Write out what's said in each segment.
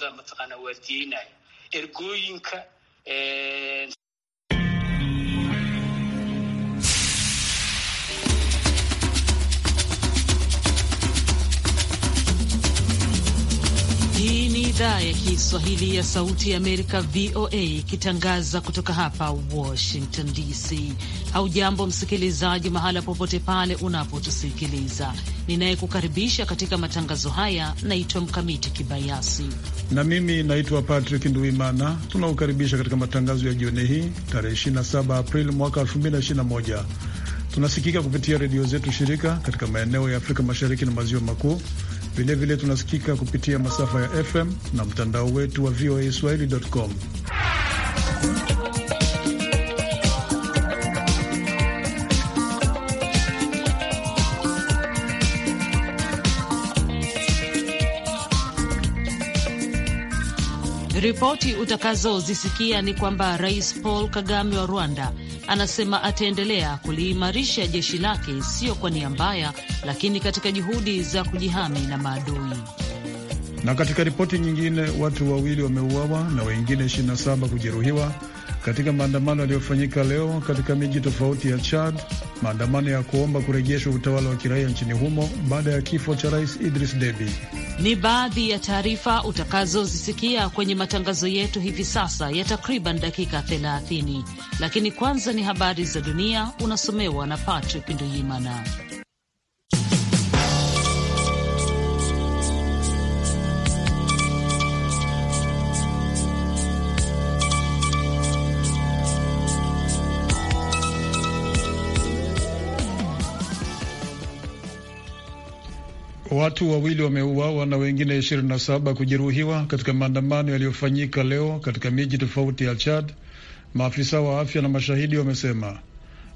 bulshada mataqaana waardiyeynayo ergooyinka eh, idhaa ya Kiswahili ya Sauti ya Amerika, VOA, ikitangaza kutoka hapa Washington DC. Haujambo msikilizaji, mahala popote pale unapotusikiliza. Ninayekukaribisha katika matangazo haya naitwa Mkamiti Kibayasi na mimi naitwa Patrick Nduimana. Tunakukaribisha katika matangazo ya jioni hii tarehe 27 Aprili mwaka 2021. Tunasikika kupitia redio zetu shirika katika maeneo ya Afrika Mashariki na Maziwa Makuu Vilevile tunasikika kupitia masafa ya FM na mtandao wetu wa VOA swahili.com. Ripoti utakazozisikia ni kwamba Rais Paul Kagame wa Rwanda anasema ataendelea kuliimarisha jeshi lake, sio kwa nia mbaya, lakini katika juhudi za kujihami na maadui. Na katika ripoti nyingine, watu wawili wameuawa na wengine 27 kujeruhiwa katika maandamano yaliyofanyika leo katika miji tofauti ya Chad, maandamano ya kuomba kurejeshwa utawala wa kiraia nchini humo baada ya kifo cha rais Idris Deby. Ni baadhi ya taarifa utakazozisikia kwenye matangazo yetu hivi sasa ya takriban dakika 30, lakini kwanza ni habari za dunia unasomewa na Patrick Nduyimana. Watu wawili wameuawa na wengine 27 kujeruhiwa katika maandamano yaliyofanyika leo katika miji tofauti ya Chad, maafisa wa afya na mashahidi wamesema.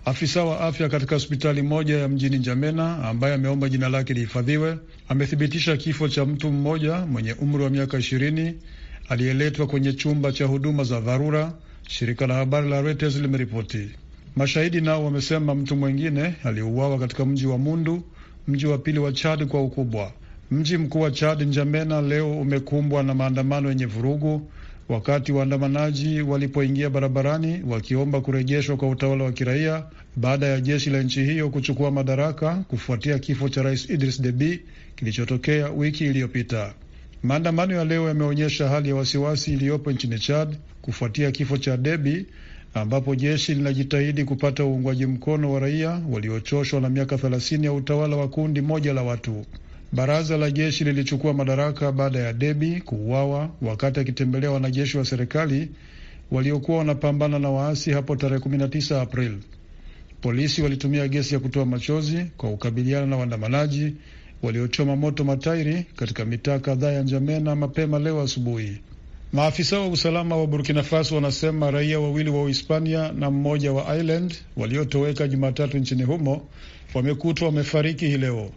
Afisa wa afya katika hospitali moja ya mjini Njamena ambaye ameomba jina lake lihifadhiwe amethibitisha kifo cha mtu mmoja mwenye umri wa miaka ishirini aliyeletwa kwenye chumba cha huduma za dharura, shirika la habari la Reuters limeripoti. Mashahidi nao wamesema mtu mwengine aliuawa katika mji wa Mundu mji wa pili wa Chad kwa ukubwa. Mji mkuu wa Chad, Njamena, leo umekumbwa na maandamano yenye vurugu, wakati waandamanaji walipoingia barabarani wakiomba kurejeshwa kwa utawala wa kiraia baada ya jeshi la nchi hiyo kuchukua madaraka kufuatia kifo cha Rais Idris Deby kilichotokea wiki iliyopita. Maandamano ya leo yameonyesha hali ya wasiwasi iliyopo nchini Chad kufuatia kifo cha Deby ambapo jeshi linajitahidi kupata uungwaji mkono wa raia waliochoshwa na miaka 30 ya utawala wa kundi moja la watu. Baraza la jeshi lilichukua madaraka baada ya Debi kuuawa wakati akitembelea wanajeshi wa serikali waliokuwa wanapambana na waasi hapo tarehe 19 Aprili. Polisi walitumia gesi ya kutoa machozi kwa kukabiliana na waandamanaji waliochoma moto matairi katika mitaa kadhaa ya Njamena mapema leo asubuhi. Maafisa wa usalama wa Burkina Faso wanasema raia wawili wa Uhispania na mmoja wa Ireland waliotoweka Jumatatu nchini humo wamekutwa wamefariki hii leo.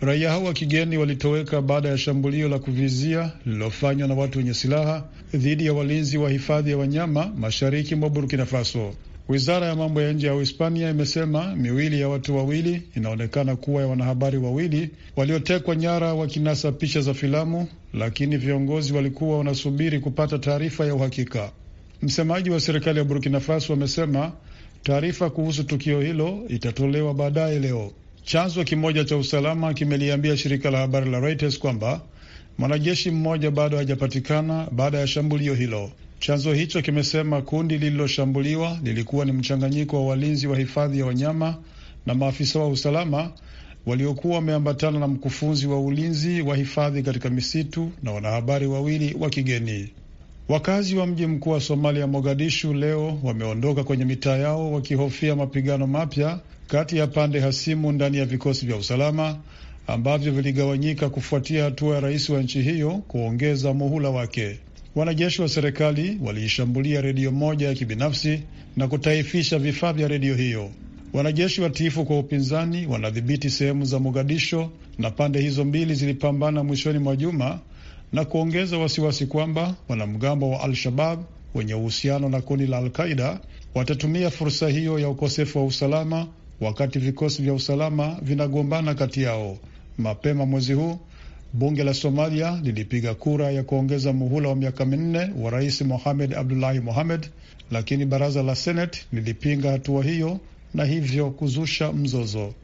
Raia hao wa kigeni walitoweka baada ya shambulio la kuvizia lililofanywa na watu wenye silaha dhidi ya walinzi wa hifadhi ya wanyama mashariki mwa Burkina Faso. Wizara ya mambo ya nje ya Uhispania imesema miwili ya watu wawili inaonekana kuwa ya wanahabari wawili waliotekwa nyara wakinasa picha za filamu lakini viongozi walikuwa wanasubiri kupata taarifa ya uhakika. Msemaji wa serikali ya Burkina Faso amesema taarifa kuhusu tukio hilo itatolewa baadaye leo. Chanzo kimoja cha usalama kimeliambia shirika la habari la Reuters kwamba mwanajeshi mmoja bado hajapatikana baada ya shambulio hilo. Chanzo hicho kimesema kundi lililoshambuliwa lilikuwa ni mchanganyiko wa walinzi wa hifadhi ya wanyama na maafisa wa usalama waliokuwa wameambatana na mkufunzi wa ulinzi wa hifadhi katika misitu na wanahabari wawili wa kigeni. Wakazi wa mji mkuu wa Somalia, Mogadishu, leo wameondoka kwenye mitaa yao wakihofia mapigano mapya kati ya pande hasimu ndani ya vikosi vya usalama ambavyo viligawanyika kufuatia hatua ya rais wa nchi hiyo kuongeza muhula wake. Wanajeshi wa serikali waliishambulia redio moja ya kibinafsi na kutaifisha vifaa vya redio hiyo. Wanajeshi watiifu kwa upinzani wanadhibiti sehemu za Mogadisho na pande hizo mbili zilipambana mwishoni mwa juma na kuongeza wasiwasi kwamba wanamgambo wa Al-Shabab wenye uhusiano na kundi la Al-Qaida watatumia fursa hiyo ya ukosefu wa usalama wakati vikosi vya usalama vinagombana kati yao. Mapema mwezi huu bunge la Somalia lilipiga kura ya kuongeza muhula wa miaka minne wa Rais Mohamed Abdullahi Mohamed, lakini baraza la Seneti lilipinga hatua hiyo na hivyo kuzusha mzozo.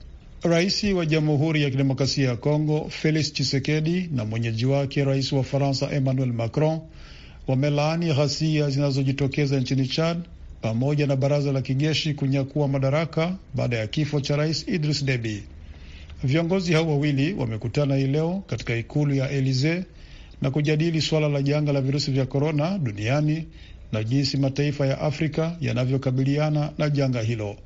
Rais wa Jamhuri ya Kidemokrasia ya Kongo Felix Tshisekedi na mwenyeji wake rais wa Faransa Emmanuel Macron wamelaani ghasia zinazojitokeza nchini Chad pamoja na baraza la kijeshi kunyakua madaraka baada ya kifo cha rais Idris Deby. Viongozi hao wawili wamekutana hii leo katika ikulu ya Elisee na kujadili suala la janga la virusi vya korona duniani na jinsi mataifa ya Afrika yanavyokabiliana na janga hilo.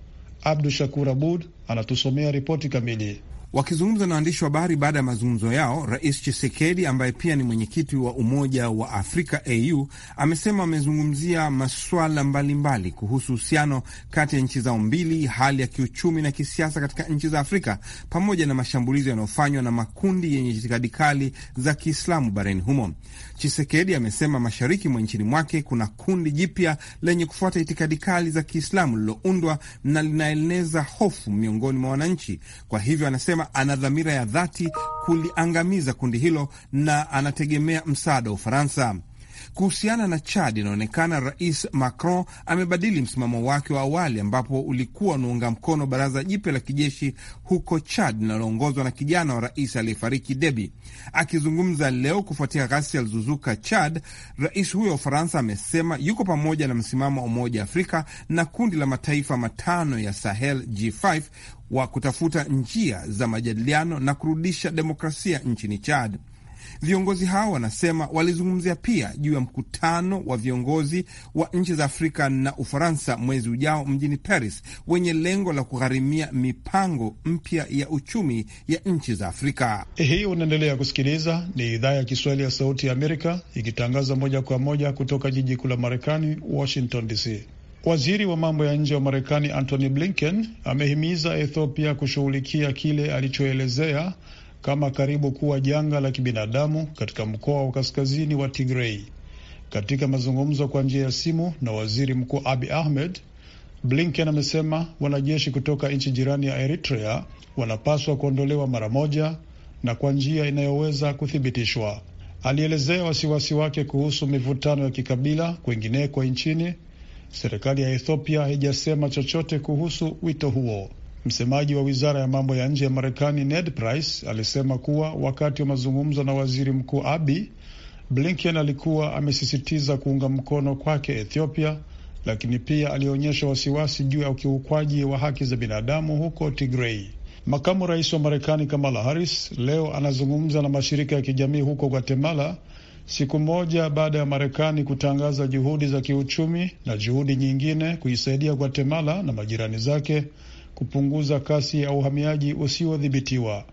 Abdu Shakur Abud anatusomea ripoti kamili. Wakizungumza na waandishi wa habari baada ya mazungumzo yao, Rais Chisekedi ambaye pia ni mwenyekiti wa Umoja wa Afrika AU amesema wamezungumzia masuala mbalimbali kuhusu uhusiano kati ya nchi zao mbili, hali ya kiuchumi na kisiasa katika nchi za Afrika, pamoja na mashambulizi yanayofanywa na makundi yenye itikadi kali za Kiislamu barani humo. Chisekedi amesema mashariki mwa nchini mwake kuna kundi jipya lenye kufuata itikadi kali za Kiislamu lililoundwa na linaeneza hofu miongoni mwa wananchi. Kwa hivyo anasema anasema ana dhamira ya dhati kuliangamiza kundi hilo na anategemea msaada wa Ufaransa. Kuhusiana na Chad, inaonekana Rais Macron amebadili msimamo wake wa awali, ambapo ulikuwa unaunga mkono baraza jipya la kijeshi huko Chad linaloongozwa na kijana wa rais aliyefariki Debi. Akizungumza leo kufuatia ghasia alizozuka Chad, rais huyo wa Ufaransa amesema yuko pamoja na msimamo wa Umoja wa Afrika na kundi la mataifa matano ya Sahel G5 wa kutafuta njia za majadiliano na kurudisha demokrasia nchini Chad. Viongozi hao wanasema walizungumzia pia juu ya mkutano wa viongozi wa nchi za Afrika na Ufaransa mwezi ujao mjini Paris, wenye lengo la kugharimia mipango mpya ya uchumi ya nchi za Afrika. Hii unaendelea kusikiliza, ni idhaa ya Kiswahili ya Sauti ya Amerika ikitangaza moja kwa moja kutoka jiji kuu la Marekani, Washington DC. Waziri wa mambo ya nje wa Marekani Antony Blinken amehimiza Ethiopia kushughulikia kile alichoelezea kama karibu kuwa janga la kibinadamu katika mkoa wa kaskazini wa Tigrei. Katika mazungumzo kwa njia ya simu na waziri mkuu Abi Ahmed, Blinken amesema wanajeshi kutoka nchi jirani ya Eritrea wanapaswa kuondolewa mara moja na kwa njia inayoweza kuthibitishwa. Alielezea wasiwasi wake kuhusu mivutano ya kikabila kwingineko nchini. Serikali ya Ethiopia haijasema chochote kuhusu wito huo. Msemaji wa wizara ya mambo ya nje ya Marekani Ned Price alisema kuwa wakati wa mazungumzo na waziri mkuu abi Blinken alikuwa amesisitiza kuunga mkono kwake Ethiopia, lakini pia alionyesha wasiwasi juu ya ukiukwaji wa haki za binadamu huko Tigrei. Makamu rais wa Marekani Kamala Harris leo anazungumza na mashirika ya kijamii huko Guatemala, siku moja baada ya Marekani kutangaza juhudi za kiuchumi na juhudi nyingine kuisaidia Guatemala na majirani zake kupunguza kasi ya uhamiaji usiodhibitiwa.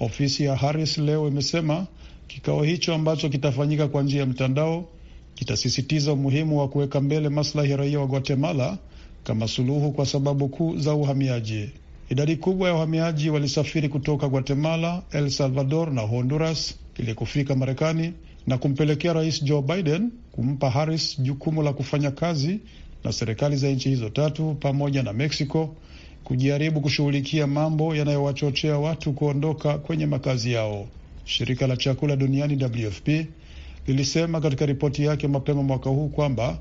Ofisi ya Harris leo imesema kikao hicho ambacho kitafanyika kwa njia ya mtandao kitasisitiza umuhimu wa kuweka mbele maslahi ya raia wa Guatemala kama suluhu kwa sababu kuu za uhamiaji. Idadi kubwa ya wahamiaji walisafiri kutoka Guatemala, el Salvador na Honduras ili kufika Marekani na kumpelekea Rais Joe Biden kumpa Harris jukumu la kufanya kazi na serikali za nchi hizo tatu pamoja na Mexico kujaribu kushughulikia mambo yanayowachochea watu kuondoka kwenye makazi yao. Shirika la chakula duniani WFP lilisema katika ripoti yake mapema mwaka huu kwamba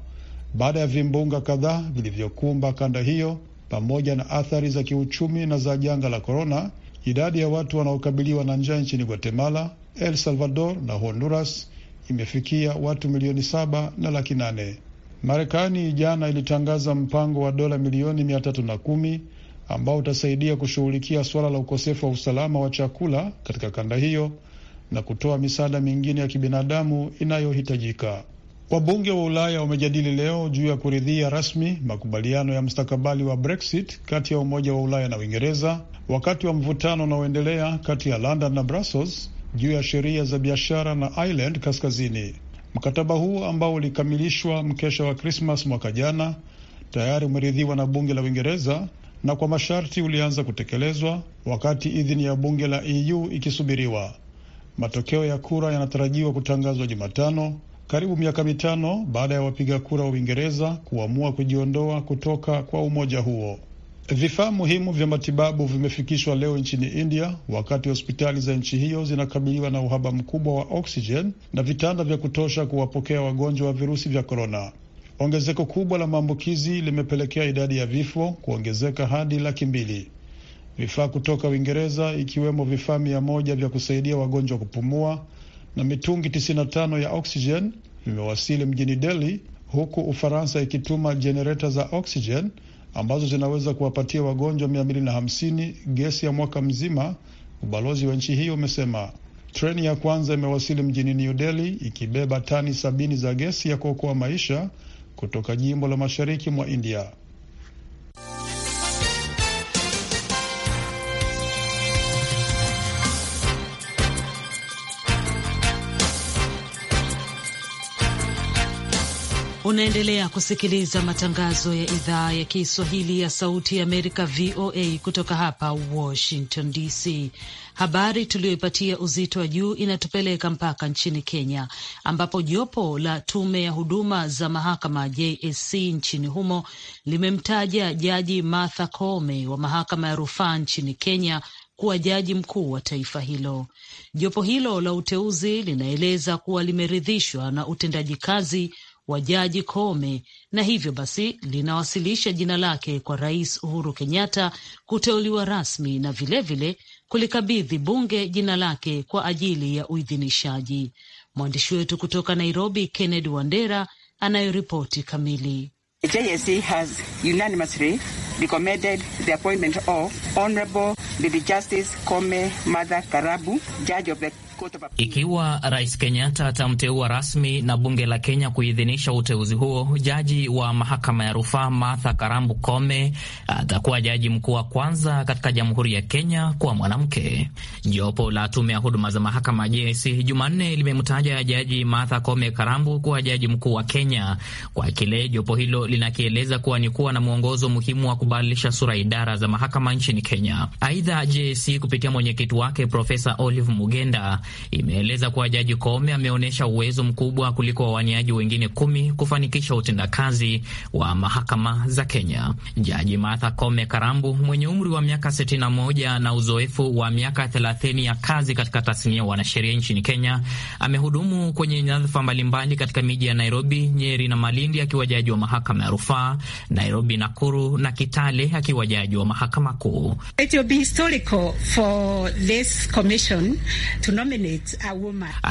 baada ya vimbunga kadhaa vilivyokumba kanda hiyo pamoja na athari za kiuchumi na za janga la korona, idadi ya watu wanaokabiliwa na njaa nchini Guatemala, El Salvador na Honduras imefikia watu milioni saba na laki nane. Marekani jana ilitangaza mpango wa dola milioni mia tatu na kumi ambao utasaidia kushughulikia suala la ukosefu wa usalama wa chakula katika kanda hiyo na kutoa misaada mingine ya kibinadamu inayohitajika. Wabunge wa Ulaya wamejadili leo juu ya kuridhia rasmi makubaliano ya mstakabali wa Brexit kati ya Umoja wa Ulaya na Uingereza wakati wa mvutano unaoendelea kati ya London na Brussels juu ya sheria za biashara na Ireland Kaskazini. Mkataba huu ambao ulikamilishwa mkesha wa Krismas mwaka jana tayari umeridhiwa na bunge la Uingereza na kwa masharti ulianza kutekelezwa wakati idhini ya bunge la EU ikisubiriwa. Matokeo ya kura yanatarajiwa kutangazwa Jumatano, karibu miaka mitano baada ya wapiga kura wa Uingereza kuamua kujiondoa kutoka kwa umoja huo. Vifaa muhimu vya matibabu vimefikishwa leo nchini India wakati hospitali za nchi hiyo zinakabiliwa na uhaba mkubwa wa oksijeni na vitanda vya kutosha kuwapokea wagonjwa wa virusi vya korona. Ongezeko kubwa la maambukizi limepelekea idadi ya vifo kuongezeka hadi laki mbili. Vifaa kutoka Uingereza, ikiwemo vifaa mia moja vya kusaidia wagonjwa kupumua na mitungi 95 ya oksijen vimewasili mjini Delhi, huku Ufaransa ikituma jenereta za oksijen ambazo zinaweza kuwapatia wagonjwa 250 gesi ya mwaka mzima. Ubalozi wa nchi hiyo umesema treni ya kwanza imewasili mjini New Delhi ikibeba tani sabini za gesi ya kuokoa maisha kutoka jimbo la mashariki mwa India. Unaendelea kusikiliza matangazo ya idhaa ya Kiswahili ya Sauti ya Amerika, VOA, kutoka hapa Washington DC. Habari tuliyoipatia uzito wa juu inatupeleka mpaka nchini Kenya, ambapo jopo la tume ya huduma za mahakama JSC nchini humo limemtaja Jaji Martha Koome wa mahakama ya rufaa nchini Kenya kuwa jaji mkuu wa taifa hilo. Jopo hilo la uteuzi linaeleza kuwa limeridhishwa na utendaji kazi wa Jaji Koome na hivyo basi linawasilisha jina lake kwa Rais Uhuru Kenyatta kuteuliwa rasmi na vilevile kulikabidhi bunge jina lake kwa ajili ya uidhinishaji. Mwandishi wetu kutoka Nairobi, Kennedy Wandera, anayoripoti kamili. JSC has unanimously recommended the appointment of Honorable Bibi Justice Kome Martha Karabu, Judge of the ikiwa Rais Kenyatta atamteua rasmi na bunge la Kenya kuidhinisha uteuzi huo, jaji wa mahakama ya rufaa Martha Karambu Kome ah, atakuwa jaji mkuu wa kwanza katika jamhuri ya Kenya kuwa mwanamke. Jopo la tume ya huduma za mahakama JSC Jumanne limemtaja jaji Martha Kome Karambu kuwa jaji mkuu wa Kenya kwa kile jopo hilo linakieleza kuwa ni kuwa na mwongozo muhimu wa kubadilisha sura idara za mahakama nchini Kenya. Aidha, JSC kupitia mwenyekiti wake Profesa Olive Mugenda imeeleza kuwa Jaji Koome ameonyesha uwezo mkubwa kuliko wawaniaji wengine kumi kufanikisha utendakazi wa mahakama za Kenya. Jaji Martha Koome Karambu mwenye umri wa miaka 61 na uzoefu wa miaka 30 ya kazi katika tasnia ya wanasheria nchini Kenya amehudumu kwenye nyadhifa mbalimbali katika miji ya Nairobi, Nyeri na Malindi akiwa jaji wa mahakama ya rufaa Nairobi, Nakuru na kita Kitale akiwa jaji wa mahakama kuu.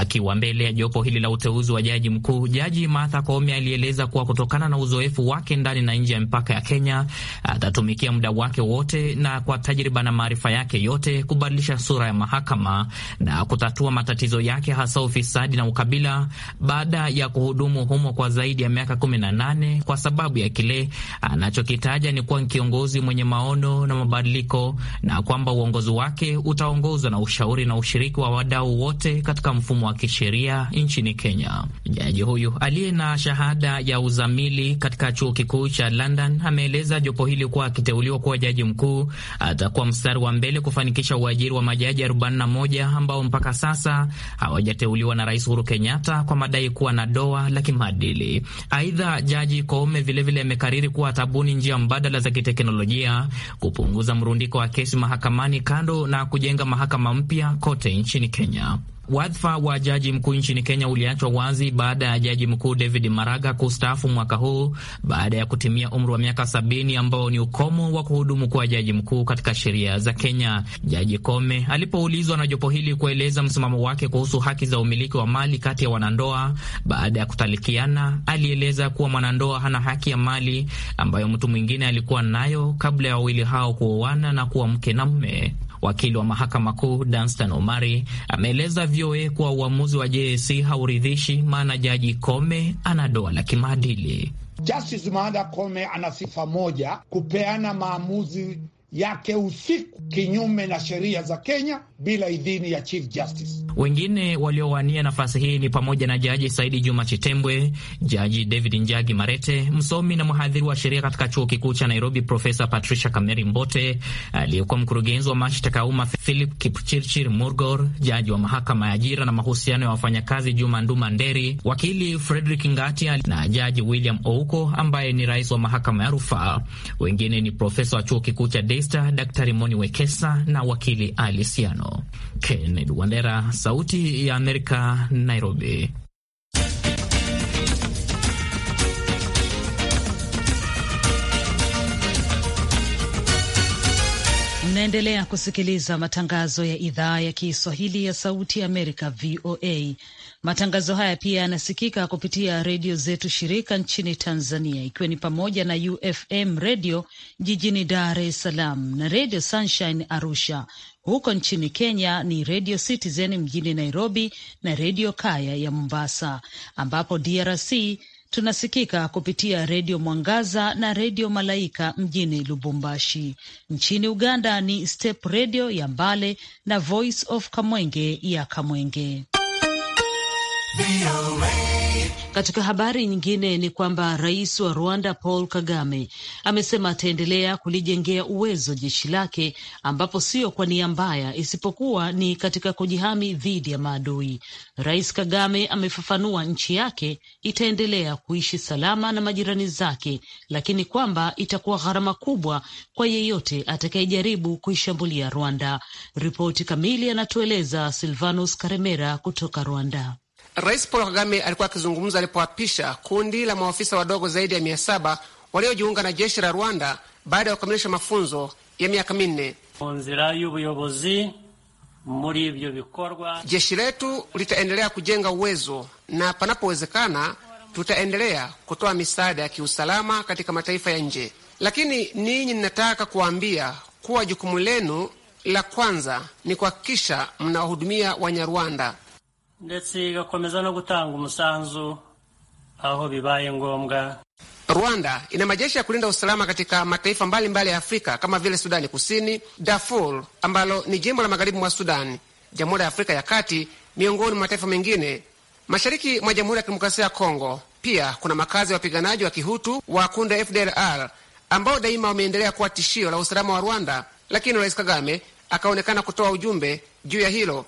Akiwa mbele ya jopo hili la uteuzi wa jaji mkuu, Jaji Martha Koome alieleza kuwa kutokana na uzoefu wake ndani na nje ya mipaka ya Kenya atatumikia muda wake wote na kwa tajriba na maarifa yake yote kubadilisha sura ya mahakama na kutatua matatizo yake, hasa ufisadi na ukabila, baada ya kuhudumu humo kwa zaidi ya miaka 18 kwa sababu ya kile anachokitaja ni kuwa kiongozi mwenye maono na mabadiliko na kwamba uongozi wake utaongozwa na ushauri na ushiriki wa wadau wote katika mfumo wa kisheria nchini Kenya. Jaji huyu aliye na shahada ya uzamili katika chuo kikuu cha London ameeleza jopo hili kuwa akiteuliwa kuwa jaji mkuu atakuwa mstari wa mbele kufanikisha uajiri wa majaji 41 ambao mpaka sasa hawajateuliwa na Rais Uhuru Kenyatta kwa madai kuwa na doa la kimaadili. Aidha, Jaji Koome vilevile amekariri kuwa atabuni njia mbadala za kiteknolojia, kupunguza mrundiko wa kesi mahakamani, kando na kujenga mahakama mpya kote nchini Kenya. Wadhifa wa jaji mkuu nchini Kenya uliachwa wazi baada ya jaji mkuu David Maraga kustaafu mwaka huu baada ya kutimia umri wa miaka sabini ambao ni ukomo wa kuhudumu kuwa jaji mkuu katika sheria za Kenya. Jaji Kome alipoulizwa na jopo hili kueleza msimamo wake kuhusu haki za umiliki wa mali kati ya wanandoa baada ya kutalikiana, alieleza kuwa mwanandoa hana haki ya mali ambayo mtu mwingine alikuwa nayo kabla ya wawili hao kuoana na kuwa mke na mme. Wakili wa mahakama kuu Danstan Omari ameeleza VOA kuwa uamuzi wa JSC hauridhishi, maana jaji Kome ana doa la kimaadili. Justice Maada Kome ana sifa moja, kupeana maamuzi yake usiku kinyume na sheria za Kenya bila idhini ya Chief Justice. Wengine waliowania nafasi hii ni pamoja na Jaji Saidi Juma Chitembwe, Jaji David Njagi Marete, msomi na mhadhiri wa sheria katika chuo kikuu cha Nairobi, Profesa Patricia Kameri Mbote, aliyekuwa mkurugenzi wa mashtaka ya umma Philip Kipchirchir Murgor, jaji wa mahakama ya ajira na mahusiano ya wafanyakazi Juma Nduma Nderi, wakili Frederick Ngatia na Jaji William Ouko ambaye ni rais wa mahakama ya rufaa. Wengine ni profesa wa chuo kikuu cha desta Daktari Moni Wekesa na wakili Alisiano Kennedy Wandera. Sauti ya Amerika, Nairobi. Mnaendelea kusikiliza matangazo ya idhaa ya Kiswahili ya Sauti ya Amerika, VOA Matangazo haya pia yanasikika kupitia redio zetu shirika nchini Tanzania, ikiwa ni pamoja na UFM redio jijini Dar es Salaam na redio Sunshine Arusha. Huko nchini Kenya ni redio Citizen mjini Nairobi na redio Kaya ya Mombasa, ambapo DRC tunasikika kupitia redio Mwangaza na redio Malaika mjini Lubumbashi. Nchini Uganda ni Step redio ya Mbale na Voice of Kamwenge ya Kamwenge. Katika habari nyingine ni kwamba rais wa Rwanda Paul Kagame amesema ataendelea kulijengea uwezo jeshi lake, ambapo sio kwa nia mbaya, isipokuwa ni katika kujihami dhidi ya maadui. Rais Kagame amefafanua nchi yake itaendelea kuishi salama na majirani zake, lakini kwamba itakuwa gharama kubwa kwa yeyote atakayejaribu kuishambulia Rwanda. Ripoti kamili anatueleza Silvanus Karemera kutoka Rwanda. Rais Paul Kagame alikuwa akizungumza alipoapisha kundi la maafisa wadogo zaidi ya mia saba waliojiunga na jeshi la Rwanda baada ya kukamilisha mafunzo ya miaka minne. Jeshi letu litaendelea kujenga uwezo na panapowezekana, tutaendelea kutoa misaada ya kiusalama katika mataifa ya nje, lakini ninyi ninataka kuwaambia kuwa jukumu lenu la kwanza ni kuhakikisha mnawahudumia Wanyarwanda ndetse igakomeza no gutanga umusanzu aho bibaye ngombwa. Rwanda ina majeshi ya kulinda usalama katika mataifa mbalimbali mbali ya Afrika kama vile Sudani Kusini, Darfur ambalo ni jimbo la magharibi mwa Sudani, Jamhuri ya Afrika ya Kati, miongoni mwa mataifa mengine. Mashariki mwa Jamhuri ya Kidemokrasia ya Kongo pia kuna makazi ya wapiganaji wa Kihutu wa kundi FDLR ambao daima wameendelea kuwa tishio la usalama wa Rwanda, lakini Rais Kagame akaonekana kutoa ujumbe juu ya hilo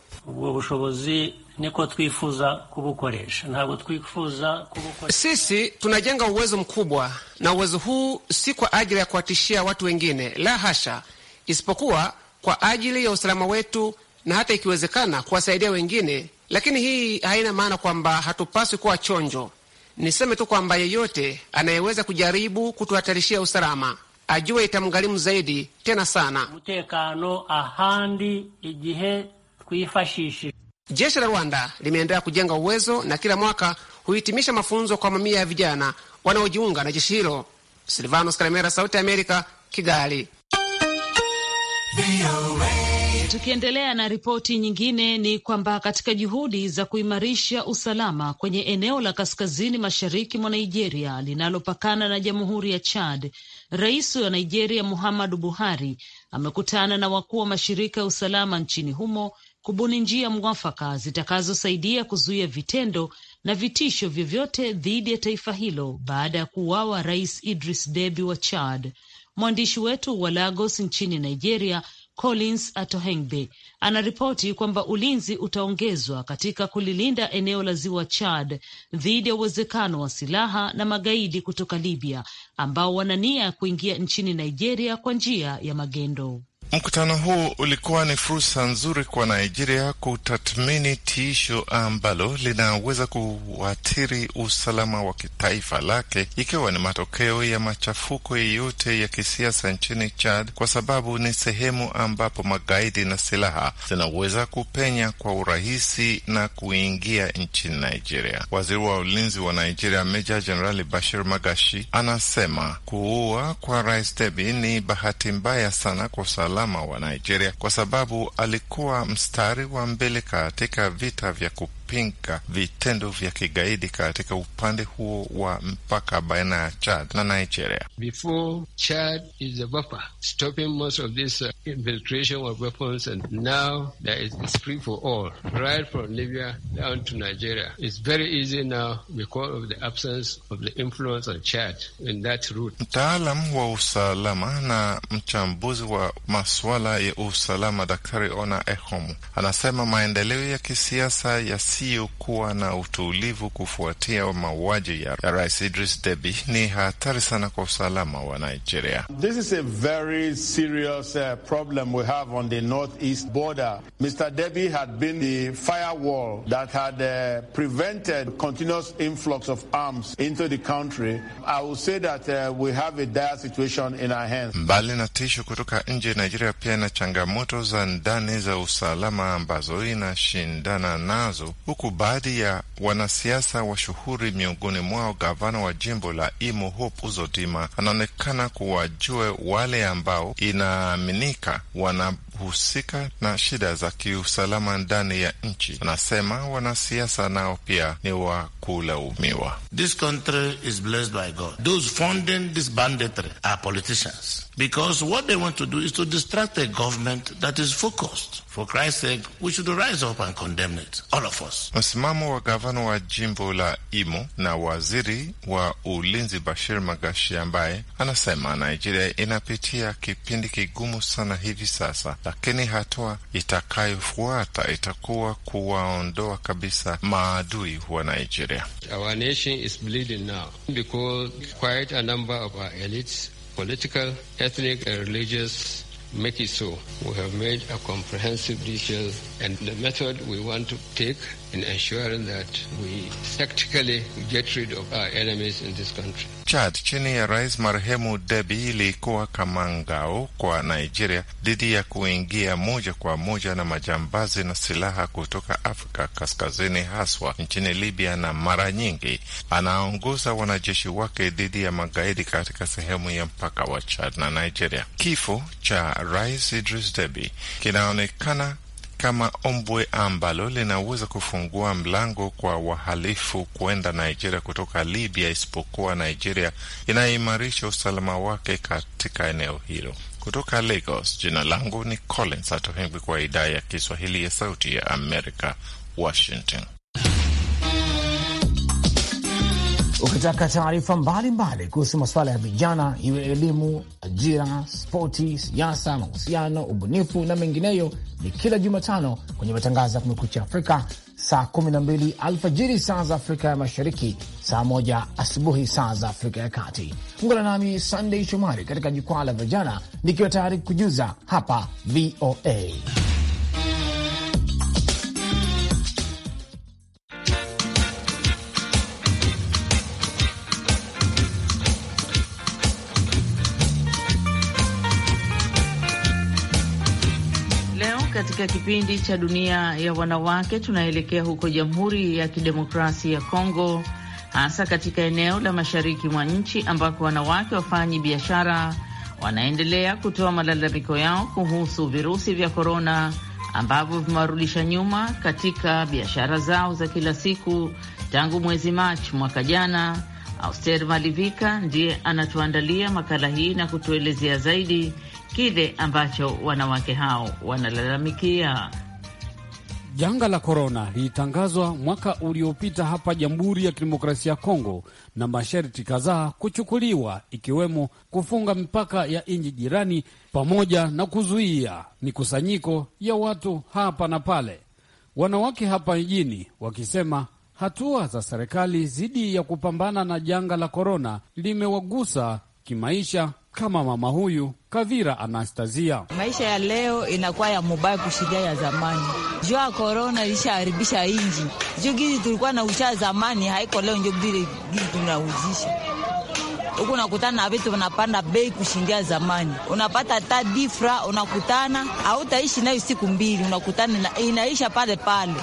sisi tunajenga uwezo mkubwa, na uwezo huu si kwa ajili ya kuwatishia watu wengine, la hasha, isipokuwa kwa ajili ya usalama wetu na hata ikiwezekana kuwasaidia wengine. Lakini hii haina maana kwamba hatupaswi kuwa chonjo. Niseme tu kwamba yeyote anayeweza kujaribu kutuhatarishia usalama ajue itamgharimu zaidi tena sana mutekano ahandi igihe kuifashishi. Jeshi la Rwanda limeendelea kujenga uwezo na kila mwaka huhitimisha mafunzo kwa mamia ya vijana wanaojiunga na jeshi hilo. Silvanos Kalemera, Sauti ya Amerika, Kigali. Tukiendelea na ripoti nyingine ni kwamba katika juhudi za kuimarisha usalama kwenye eneo la kaskazini mashariki mwa Nigeria linalopakana na jamhuri ya Chad, rais wa Nigeria Muhammadu Buhari amekutana na wakuu wa mashirika ya usalama nchini humo kubuni njia mwafaka zitakazosaidia kuzuia vitendo na vitisho vyovyote dhidi ya taifa hilo baada ya kuuawa Rais Idris Deby wa Chad. Mwandishi wetu wa Lagos nchini Nigeria, Collins Atohengbe, anaripoti kwamba ulinzi utaongezwa katika kulilinda eneo la ziwa Chad dhidi ya uwezekano wa silaha na magaidi kutoka Libya ambao wana nia ya kuingia nchini Nigeria kwa njia ya magendo. Mkutano huu ulikuwa ni fursa nzuri kwa Nigeria kutathmini tisho ambalo linaweza kuathiri usalama wa kitaifa lake, ikiwa ni matokeo ya machafuko yeyote ya kisiasa nchini Chad, kwa sababu ni sehemu ambapo magaidi na silaha zinaweza kupenya kwa urahisi na kuingia nchini Nigeria. Waziri wa ulinzi wa Nigeria, Meja Jenerali Bashir Magashi, anasema kuua kwa Rais Debi ni bahati mbaya sana kwa usalama usalama wa Nigeria kwa sababu alikuwa mstari wa mbele katika vita vya kupinga vitendo vya kigaidi katika upande huo wa mpaka baina ya Chad na Nigeria. Before Chad is a buffer stopping most of this uh, infiltration of weapons and now is free for all right from Libya down to Nigeria. It's very easy now because of the absence of the influence of Chad in that route. Mtaalam wa usalama na mchambuzi wa masuala ya usalama Daktari Ona Ehomu anasema maendeleo ya kisiasa ya isiyokuwa na utulivu kufuatia mauaji ya rais Idris Deby ni hatari sana kwa usalama wa Nigeria. This is a very serious uh, problem we have on the northeast border. Mr. Deby had been the firewall that had uh, prevented continuous influx of arms into the country. I will say that uh, we have a dire situation in our hands. Mbali na tisho kutoka nje, Nigeria pia ina changamoto za ndani za usalama ambazo inashindana nazo huku baadhi ya wanasiasa washuhuri miongoni mwao gavana wa jimbo la Imo Hope Uzodinma anaonekana kuwajue wale ambao inaaminika wana kuhusika na shida za kiusalama ndani ya nchi. Wanasema wanasiasa nao pia ni wa kulaumiwa. This country is blessed by God. Those funding this banditry are politicians because what they want to do is to distract a government that is focused. For Christ's sake, we should rise up and condemn it. All of us. Msimamo wa gavana wa jimbo la Imo na waziri wa ulinzi Bashir Magashi ambaye anasema Nigeria inapitia kipindi kigumu sana hivi sasa. lakini hatua itakayofuata itakuwa kuwaondoa kabisa maadui wa Nigeria. Our nation is bleeding now because quite a number of our elites, political, ethnic and religious make it so. We have made a comprehensive detail and the method we want to take Chad chini ya Rais marehemu debi ilikuwa kama ngao kwa Nigeria dhidi ya kuingia moja kwa moja na majambazi na silaha kutoka Afrika Kaskazini, haswa nchini Libya, na mara nyingi anaongoza wanajeshi wake dhidi ya magaidi katika sehemu ya mpaka wa Chad na Nigeria. Kifo cha Rais Idris Debi kinaonekana kama Ombwe ambalo linaweza kufungua mlango kwa wahalifu kuenda Nigeria kutoka Libya, isipokuwa Nigeria inayoimarisha usalama wake katika eneo hilo. Kutoka Lagos, jina langu ni Collins Atohengwi, kwa idhaa ya Kiswahili ya Sauti ya Amerika, Washington. Ukitaka taarifa mbalimbali kuhusu masuala ya vijana, iwe elimu, ajira, spoti, siasa, mahusiano, ubunifu na mengineyo, ni kila Jumatano kwenye matangazo ya Kumekucha Afrika saa 12 alfajiri saa za Afrika ya Mashariki, saa moja asubuhi saa za Afrika ya Kati. Ungana nami Sandey Shomari katika jukwaa la vijana, nikiwa tayari kujuza hapa VOA. katika kipindi cha dunia ya wanawake, tunaelekea huko Jamhuri ya Kidemokrasia ya Kongo, hasa katika eneo la mashariki mwa nchi ambako wanawake wafanyi biashara wanaendelea kutoa malalamiko yao kuhusu virusi vya korona ambavyo vimewarudisha nyuma katika biashara zao za kila siku tangu mwezi Machi mwaka jana. Auster Malivika ndiye anatuandalia makala hii na kutuelezea zaidi kile ambacho wanawake hao wanalalamikia. Janga la korona lilitangazwa mwaka uliopita hapa Jamhuri ya Kidemokrasia ya Kongo na masharti kadhaa kuchukuliwa, ikiwemo kufunga mipaka ya nchi jirani pamoja na kuzuia mikusanyiko ya watu hapa na pale. Wanawake hapa mjini wakisema hatua za serikali dhidi ya kupambana na janga la korona limewagusa kimaisha kama mama huyu Kavira anastazia Maisha ya leo inakuwa ya mubaya kushindia ya zamani, jua korona ilishaharibisha inji, juu gizi tulikuwa na usha zamani haiko leo, njo vile gizi tunauzisha huku, unakutana na vitu unapanda bei kushindia zamani, unapata ta difra, unakutana hautaishi nayo siku mbili, unakutana inaisha pale pale,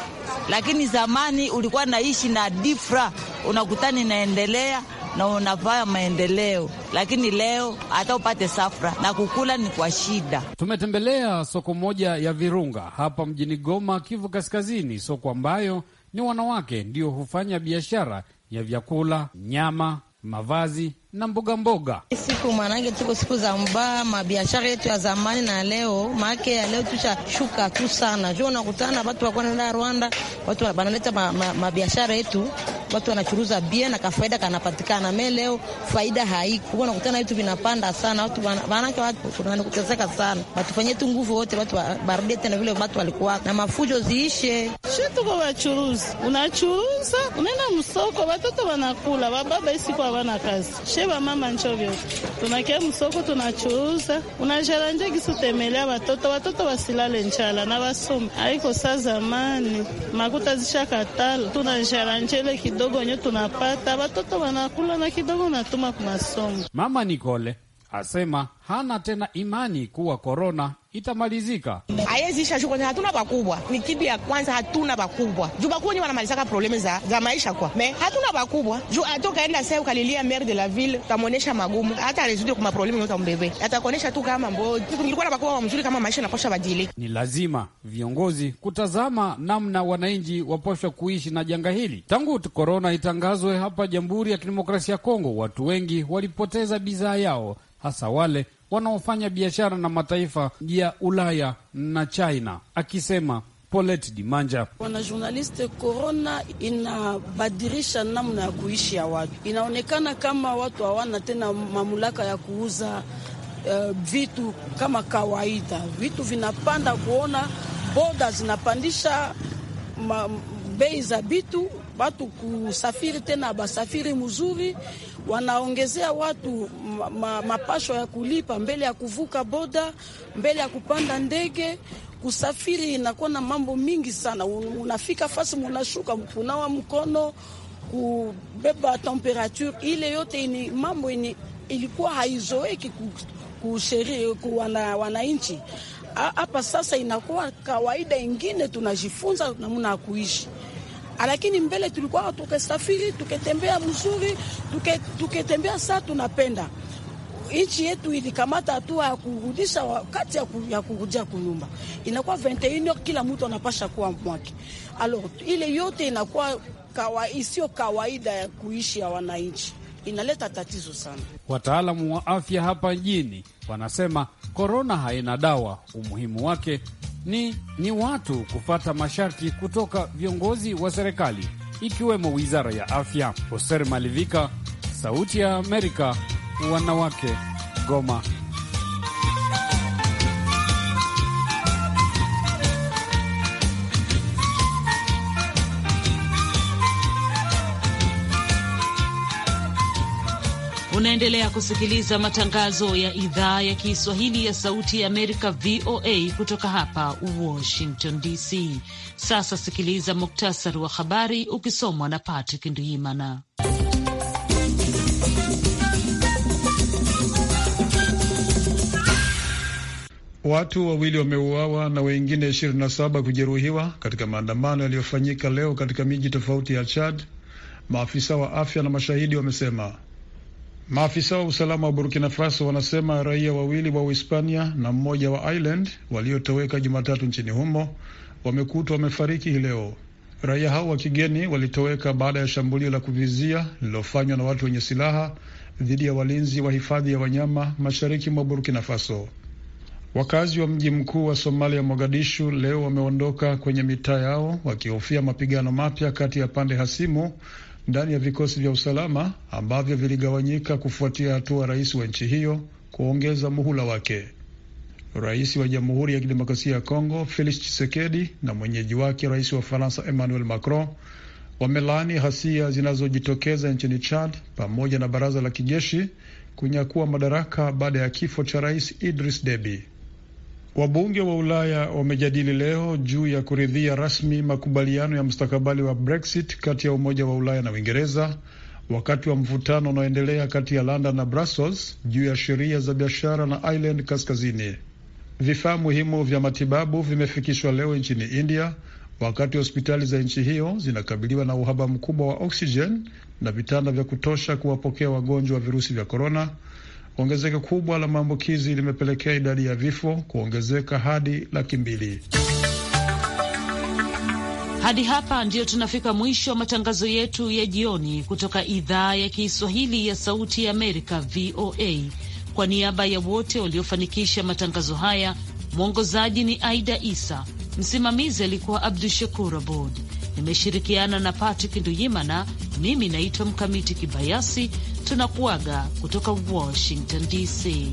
lakini zamani ulikuwa naishi na difra, unakutana inaendelea na unavaa maendeleo, lakini leo hata upate safra na kukula ni kwa shida. Tumetembelea soko moja ya Virunga hapa mjini Goma, Kivu Kaskazini, soko ambayo ni wanawake ndio hufanya biashara ya vyakula, nyama, mavazi na mboga mboga. Siku mwanange tuko siku za mbaa mabiashara yetu ya zamani na leo, maake ya leo tushashuka tu sana, juu unakutana watu naenda Rwanda, watu wanaleta mabiashara ma, ma yetu watu wanachuruza bia na kafaida kanapatikana. Me leo faida haiko, nakutana vitu vinapanda sana, watu wanake wanakuteseka sana. Batufanyie tu nguvu wote, watu barudie tena vile watu walikuwa na mafujo ziishe. Shituko wachuruzi, unachuruza unaenda msoko, watoto wanakula, wababa isiku hawana kazi, she wamama ncho vyote tunakia msoko, tunachuruza unajaranje kisutemelea watoto, watoto wasilale njala na wasome, haiko sa zamani makuta zishakatala, tunajaranje kidogo nyo tunapata, watoto wanakula na kidogo natuma kumasomo. Mama Nicole asema hana tena imani kuwa korona itamalizika, hayeziisha juu kwanza hatuna bakubwa. Ni kitu ya kwanza, hatuna bakubwa juu bakubwa ni wanamalizaka probleme za, za maisha kwa me, hatuna bakubwa juu atokaenda sa ukalilia maire de la ville utamwonyesha magumu, hata arezudi kuma probleme utambebe atakuonyesha tu kama mbo nilikuwa na wa mzuri kama maisha naposha badili. Ni lazima viongozi kutazama namna wananchi waposha kuishi na janga hili. Tangu korona itangazwe hapa Jamhuri ya Kidemokrasia ya Kongo, watu wengi walipoteza bidhaa yao, hasa wale wanaofanya biashara na mataifa ya Ulaya na China, akisema Polet Dimanja. wana journaliste, korona inabadirisha namna ya kuishi ya watu. Inaonekana kama watu hawana tena mamlaka ya kuuza uh, vitu kama kawaida. Vitu vinapanda, kuona boda zinapandisha bei za vitu, watu kusafiri tena basafiri mzuri wanaongezea watu ma, ma, mapasho ya kulipa mbele ya kuvuka boda, mbele ya kupanda ndege kusafiri inakuwa na mambo mingi sana. Unafika fasi, munashuka, kunawa mkono, kubeba temperature ile yote ni mambo ini, ilikuwa haizoeki kusheri ku wananchi hapa. Sasa inakuwa kawaida ingine, tunajifunza namna ya kuishi lakini mbele tulikuwa tukesafiri tuketembea mzuri tuketembea saa tunapenda nchi yetu ilikamata hatua ya kurudisha wakati ya kurudia kunyumba, inakuwa 21 kila mtu anapasha kuwa mwake. Alors ile yote inakuwa kawa, sio kawaida ya kuishi ya wananchi, inaleta tatizo sana. Wataalamu wa afya hapa jini wanasema korona haina dawa, umuhimu wake ni, ni watu kufata masharti kutoka viongozi wa serikali ikiwemo wizara ya afya. Hoser Malivika, Sauti ya Amerika, wanawake Goma. Unaendelea kusikiliza matangazo ya idhaa ya Kiswahili ya Sauti ya Amerika, VOA, kutoka hapa Washington DC. Sasa sikiliza muktasari wa habari ukisomwa na Patrick Nduimana. Watu wawili wameuawa na wengine 27 kujeruhiwa katika maandamano yaliyofanyika leo katika miji tofauti ya Chad, maafisa wa afya na mashahidi wamesema. Maafisa wa usalama wa Burkina Faso wanasema raia wawili wa Uhispania na mmoja wa Ireland waliotoweka Jumatatu nchini humo wamekutwa wamefariki hii leo. Raia hao wa kigeni walitoweka baada ya shambulio la kuvizia lililofanywa na watu wenye silaha dhidi ya walinzi wa hifadhi ya wanyama mashariki mwa Burkina Faso. Wakazi wa mji mkuu wa Somalia, Mogadishu, leo wameondoka kwenye mitaa yao wakihofia mapigano mapya kati ya pande hasimu ndani ya vikosi vya usalama ambavyo viligawanyika kufuatia hatua rais wa nchi hiyo kuongeza muhula wake. Rais wa Jamhuri ya Kidemokrasia ya Kongo Felix Tshisekedi na mwenyeji wake rais wa Faransa Emmanuel Macron wamelaani hasia zinazojitokeza nchini Chad pamoja na baraza la kijeshi kunyakua madaraka baada ya kifo cha rais Idris Deby. Wabunge wa Ulaya wamejadili leo juu ya kuridhia rasmi makubaliano ya mustakabali wa Brexit kati ya Umoja wa Ulaya na Uingereza wakati wa mvutano unaoendelea kati ya London na Brussels juu ya sheria za biashara na Ireland Kaskazini. Vifaa muhimu vya matibabu vimefikishwa leo nchini India wakati hospitali za nchi hiyo zinakabiliwa na uhaba mkubwa wa oksijeni na vitanda vya kutosha kuwapokea wagonjwa wa virusi vya korona Ongezeko kubwa la maambukizi limepelekea idadi ya vifo kuongezeka hadi laki mbili. Hadi hapa ndiyo tunafika mwisho wa matangazo yetu ya jioni kutoka idhaa ya Kiswahili ya Sauti ya Amerika, VOA. Kwa niaba ya wote waliofanikisha matangazo haya, mwongozaji ni Aida Isa, msimamizi alikuwa Abdu Shakur Abod, nimeshirikiana na Patrick Nduyimana. Mimi naitwa Mkamiti Kibayasi tunakuaga kutoka Washington DC.